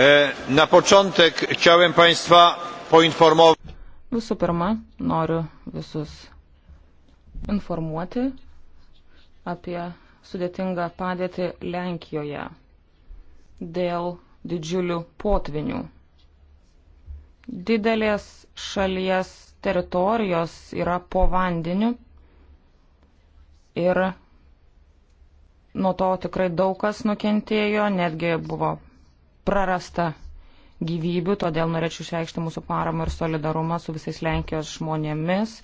E, na początek chciałem Państwa poinformować. Visų pirma, noriu visus informuoti apie sudėtingą padėtį Lenkijoje dėl didžiulių potvinių. Didelės šalies teritorijos yra po vandeniu ir nuo to tikrai daug kas nukentėjo, netgi buvo prarasta gyvybių, todėl norėčiau išreikšti mūsų paramą ir solidarumą su visais Lenkijos žmonėmis.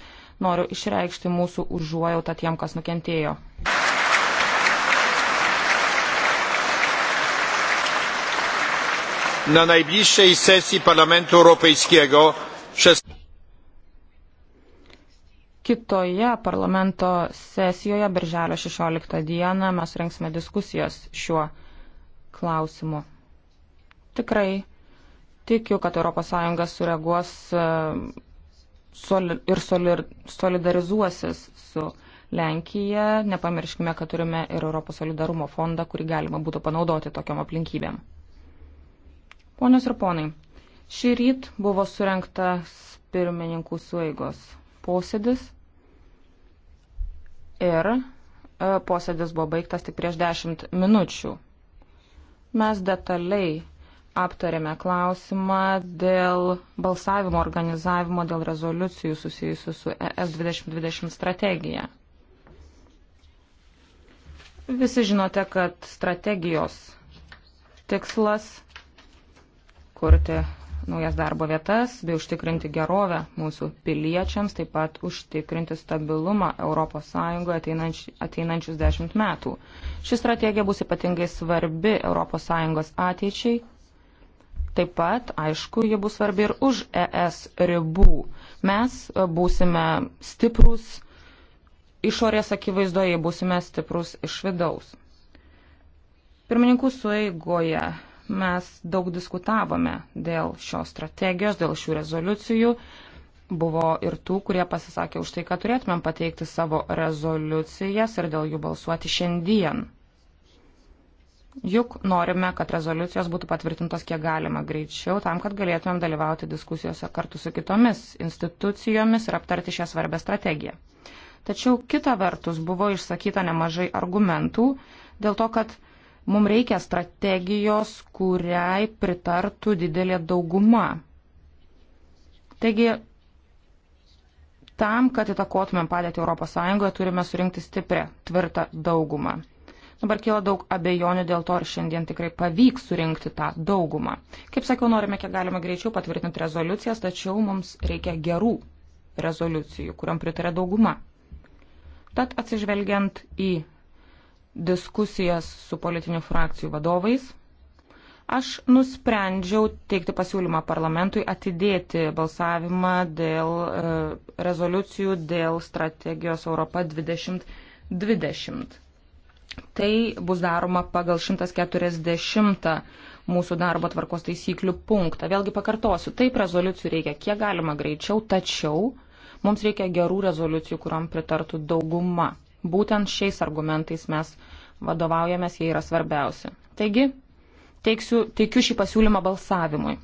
Noriu išreikšti mūsų užuojautą tiem, kas nukentėjo. Na najbliższej sesji Parlamentu Europejskiego šest... Kitoje parlamento sesijoje, birželio 16 dieną, mes rengsime diskusijas šiuo klausimu tikrai tikiu, kad ES sureaguos e, soli ir soli solidarizuosis su Lenkija. Nepamirškime, kad turime ir Europos solidarumo fondą, kurį galima būtų panaudoti tokiam aplinkybėm. Ponios ir ponai, šį ryt buvo surinktas pirmininkų sueigos posėdis ir e, posėdis buvo baigtas tik prieš 10 minučių. Mes detaliai aptarėme klausimą dėl balsavimo organizavimo, dėl rezoliucijų susijusių su ES 2020 strategija. Visi žinote, kad strategijos tikslas - kurti naujas darbo vietas bei užtikrinti gerovę mūsų piliečiams, taip pat užtikrinti stabilumą ES ateinanč, ateinančius dešimt metų. Ši strategija bus ypatingai svarbi ES ateičiai Taip pat, aišku, ji bus svarbi ir už ES ribų. Mes e, būsime stiprus išorės akivaizdoje, būsime stiprus iš vidaus. Pirmininkų sueigoje mes daug diskutavome dėl šios strategijos, dėl šių rezoliucijų. Buvo ir tų, kurie pasisakė už tai, kad turėtumėm pateikti savo rezoliucijas ir dėl jų balsuoti šiandien. Juk norime, kad rezoliucijos būtų patvirtintos kiek galima greičiau, tam, kad galėtumėm dalyvauti diskusijose kartu su kitomis institucijomis ir aptarti šią svarbę strategiją. Tačiau kita vertus buvo išsakyta nemažai argumentų dėl to, kad mums reikia strategijos, kuriai pritartų didelė dauguma. Taigi, tam, kad įtakotumėm padėti ES, turime surinkti stiprią, tvirtą daugumą. Dabar kyla daug abejonių dėl to, ar šiandien tikrai pavyks surinkti tą daugumą. Kaip sakiau, norime kiek galima greičiau patvirtinti rezoliucijas, tačiau mums reikia gerų rezoliucijų, kuriam pritarė dauguma. Tad atsižvelgiant į diskusijas su politinių frakcijų vadovais, aš nusprendžiau teikti pasiūlymą parlamentui atidėti balsavimą dėl e, rezoliucijų dėl strategijos Europa 2020. Tai bus daroma pagal 140 mūsų darbo tvarkos taisyklių punktą. Vėlgi pakartosiu, taip rezoliucijų reikia kiek galima greičiau, tačiau mums reikia gerų rezoliucijų, kuriam pritartų dauguma. Būtent šiais argumentais mes vadovaujamės, jie yra svarbiausi. Taigi, teiksiu, teikiu šį pasiūlymą balsavimui.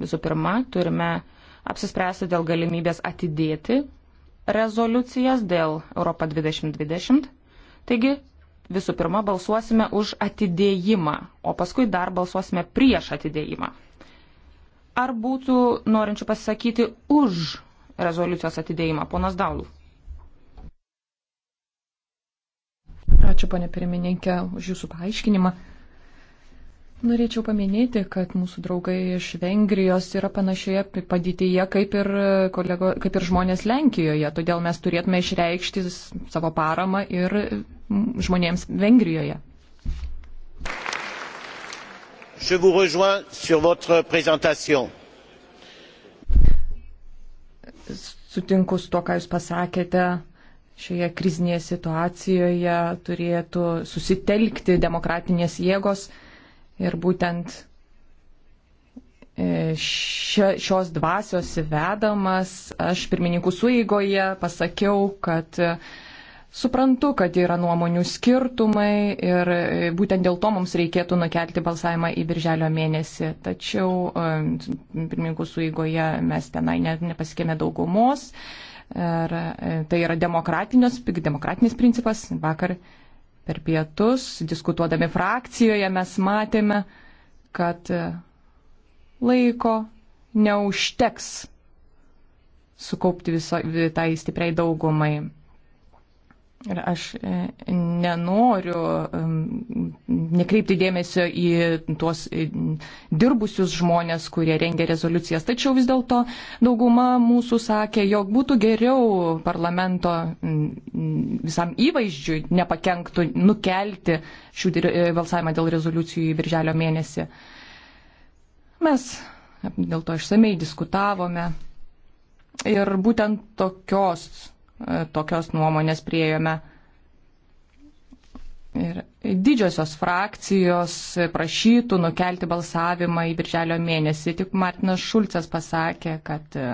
Visų pirma, turime apsispręsti dėl galimybės atidėti rezoliucijas dėl Europą 2020. Taigi, visų pirma balsuosime už atidėjimą, o paskui dar balsuosime prieš atidėjimą. Ar būtų norinčių pasisakyti už rezoliucijos atidėjimą, ponas Daulų? Ačiū, ponė pirmininkė, už jūsų paaiškinimą. Norėčiau paminėti, kad mūsų draugai iš Vengrijos yra panašioje padėtyje kaip ir, kolego, kaip ir žmonės Lenkijoje, todėl mes turėtume išreikšti savo paramą ir žmonėms Vengrijoje. Sutinku su to, ką Jūs pasakėte šioje krizinėje situacijoje turėtų susitelkti demokratinės jėgos Ir būtent e, šia, šios dvasios vedamas aš pirmininkų suigoje pasakiau, kad e, suprantu, kad yra nuomonių skirtumai ir e, būtent dėl to mums reikėtų nukelti balsavimą į birželio mėnesį. Tačiau pirmininkų suigoje mes tenai nepasikėmė daugumos. Ir tai yra demokratinis principas. Vakar Per pietus, diskutuodami frakcijoje, mes matėme, kad e, laiko neužteks sukaupti visai tai stipriai daugumai. Ir aš e, nenoriu e, nekreipti dėmesio į tuos e, dirbusius žmonės, kurie rengia rezoliucijas. Tačiau vis dėlto dauguma mūsų sakė, jog būtų geriau parlamento visam įvaizdžiui nepakenktų nukelti šių balsavimą dėl rezoliucijų į birželio mėnesį. Mes dėl to išsamei diskutavome. Ir būtent tokios E, tokios nuomonės priejome. Ir didžiosios frakcijos prašytų nukelti balsavimą į birželio mėnesį. Tik Martinas Šulcas pasakė, kad e,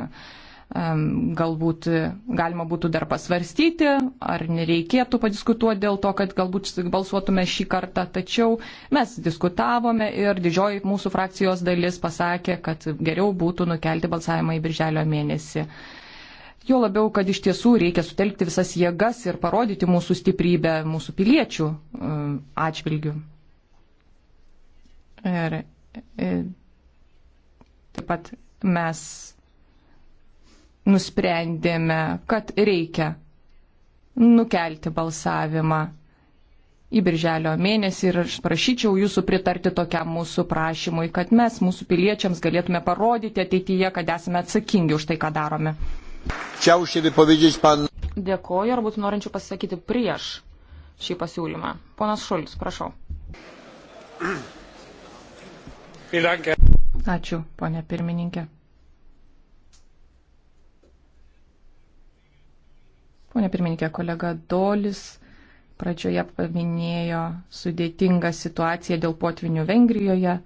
galbūt galima būtų dar pasvarstyti, ar nereikėtų padiskutuoti dėl to, kad galbūt balsuotume šį kartą. Tačiau mes diskutavome ir didžioji mūsų frakcijos dalis pasakė, kad geriau būtų nukelti balsavimą į birželio mėnesį. Jo labiau, kad iš tiesų reikia sutelkti visas jėgas ir parodyti mūsų stiprybę mūsų piliečių e, atžvilgių. Ir, ir e, taip pat mes nusprendėme, kad reikia nukelti balsavimą į birželio mėnesį ir aš prašyčiau jūsų pritarti tokiam mūsų prašymui, kad mes mūsų piliečiams galėtume parodyti ateityje, kad esame atsakingi už tai, ką darome. Chciał się wypowiedzieć pan. Dėkoju, ar būtų norinčių pasisakyti prieš šį pasiūlymą. Ponas Šulis, prašau. Ačiū, ponė pirmininkė. Pone pirmininkė, kolega Dolis pradžioje paminėjo sudėtingą situaciją dėl potvinių Vengrijoje.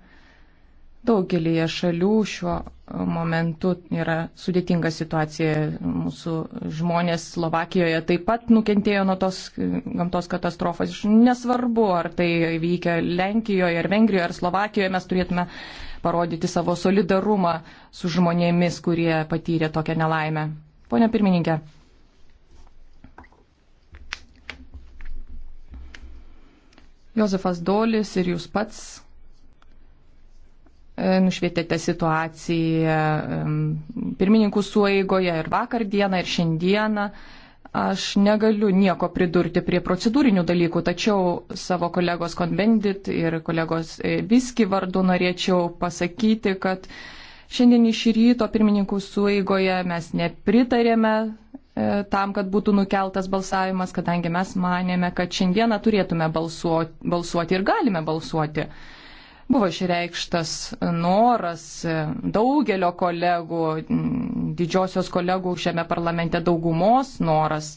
Daugelįje šalių šiuo momentu yra sudėtinga situacija. Mūsų žmonės Slovakijoje taip pat nukentėjo nuo tos gamtos katastrofos. Nesvarbu, ar tai vykia Lenkijoje, ar Vengrijoje, ar Slovakijoje, mes turėtume parodyti savo solidarumą su žmonėmis, kurie patyrė tokią nelaimę. Pone pirmininkė. Josefas Dolis ir jūs pats E, nušvietėte situaciją pirmininkų suėgoje ir vakar dieną, ir šiandieną. Aš negaliu nieko pridurti prie procedūrinių dalykų, tačiau savo kolegos Konbendit ir kolegos e, Viski vardu norėčiau pasakyti, kad šiandien iš ryto pirmininkų suėgoje mes nepritarėme e, tam, kad būtų nukeltas balsavimas, kadangi mes manėme, kad šiandieną turėtume balsuoti, balsuoti ir galime balsuoti. Buvo išreikštas noras daugelio kolegų, didžiosios kolegų šiame parlamente daugumos noras.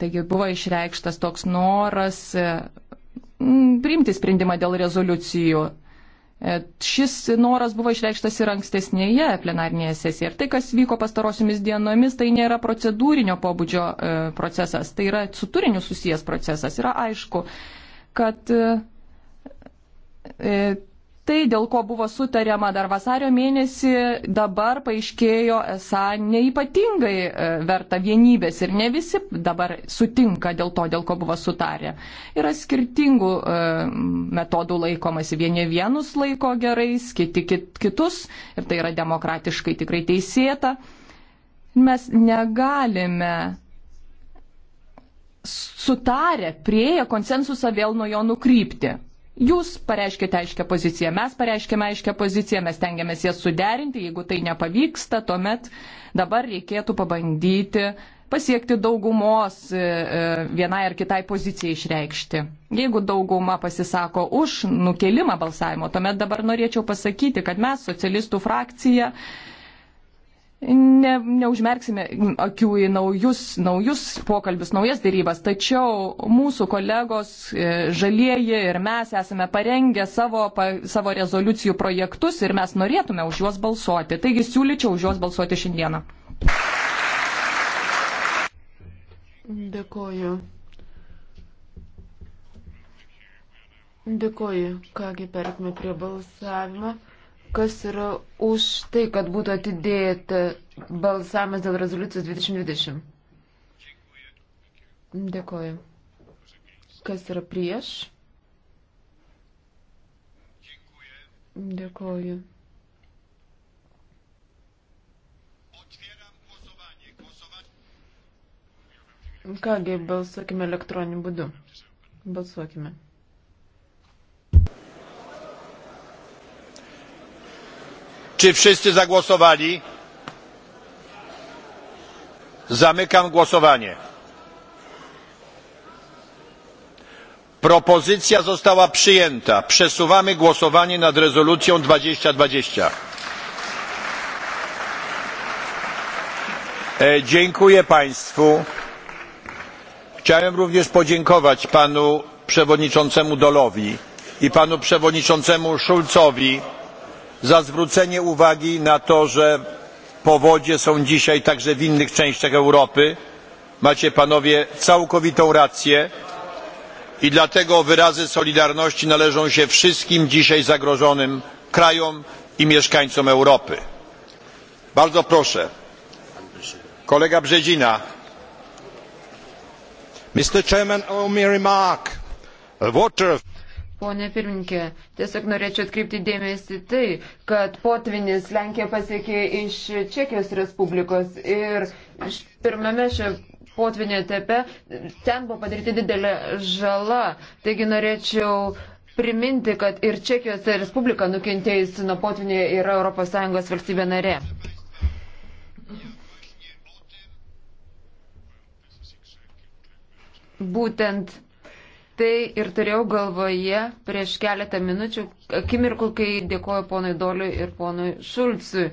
Taigi buvo išreikštas toks noras mm, priimti sprendimą dėl rezoliucijų. E, šis noras buvo išreikštas ir ankstesnėje plenarnėje sesijoje. Ir tai, kas vyko pastarosiomis dienomis, tai nėra procedūrinio pobūdžio e, procesas, tai yra su turiniu susijęs procesas. Yra aišku, kad e, e, tai, dėl ko buvo sutariama dar vasario mėnesį, dabar paaiškėjo esą neipatingai e, verta vienybės ir ne visi dabar sutinka dėl to, dėl ko buvo sutarę. Yra skirtingų metodų laikomasi. Vieni vienus laiko gerais, kiti kitus ir tai yra demokratiškai tikrai teisėta. Mes negalime sutarę, prieėję konsensusą vėl nuo jo nukrypti. Jūs pareiškite aiškę poziciją, mes pareiškėme aiškę poziciją, mes tengiamės jas suderinti, jeigu tai nepavyksta, tuomet dabar reikėtų pabandyti pasiekti daugumos e, e, vienai ar kitai pozicijai išreikšti. Jeigu dauguma pasisako už nukelimą balsavimo, tuomet dabar norėčiau pasakyti, kad mes, socialistų frakcija, ne, neužmerksime akių į naujus, naujus pokalbius, naujas dėrybas, tačiau mūsų kolegos e, žalieji ir mes esame parengę savo, pa, savo rezoliucijų projektus ir mes norėtume už juos balsuoti. Taigi siūlyčiau už juos balsuoti šiandieną. Dėkoju. Dėkoju. Kągi, perkime prie balsavimo kas yra už tai, kad būtų atidėta balsavimas dėl rezoliucijos 2020? Dėkoju. Kas yra prieš? Dėkoju. Kągi, balsuokime elektroniniu būdu. Balsuokime. Czy wszyscy zagłosowali? Zamykam głosowanie. Propozycja została przyjęta. Przesuwamy głosowanie nad rezolucją 2020. E, dziękuję Państwu. Chciałem również podziękować Panu Przewodniczącemu Dolowi i Panu Przewodniczącemu Schulzowi za zwrócenie uwagi na to, że powodzie są dzisiaj także w innych częściach Europy. Macie panowie całkowitą rację i dlatego wyrazy solidarności należą się wszystkim dzisiaj zagrożonym krajom i mieszkańcom Europy. Bardzo proszę. Kolega Brzezina. Mr. Chairman, allow me remark. Water Pone pirminkė, tiesiog norėčiau atkreipti dėmesį tai, kad potvinis Lenkija pasiekė iš Čekijos Respublikos ir pirmame šio potvinio etape ten buvo padaryti didelė žala. Taigi norėčiau priminti, kad ir Čekijos Respublika nukentėjusi nuo potvinio yra ES valstybė narė. Būtent Tai ir turėjau galvoje prieš keletą minučių, akimirkų, kai dėkoju ponui Doliui ir ponui Šulcui.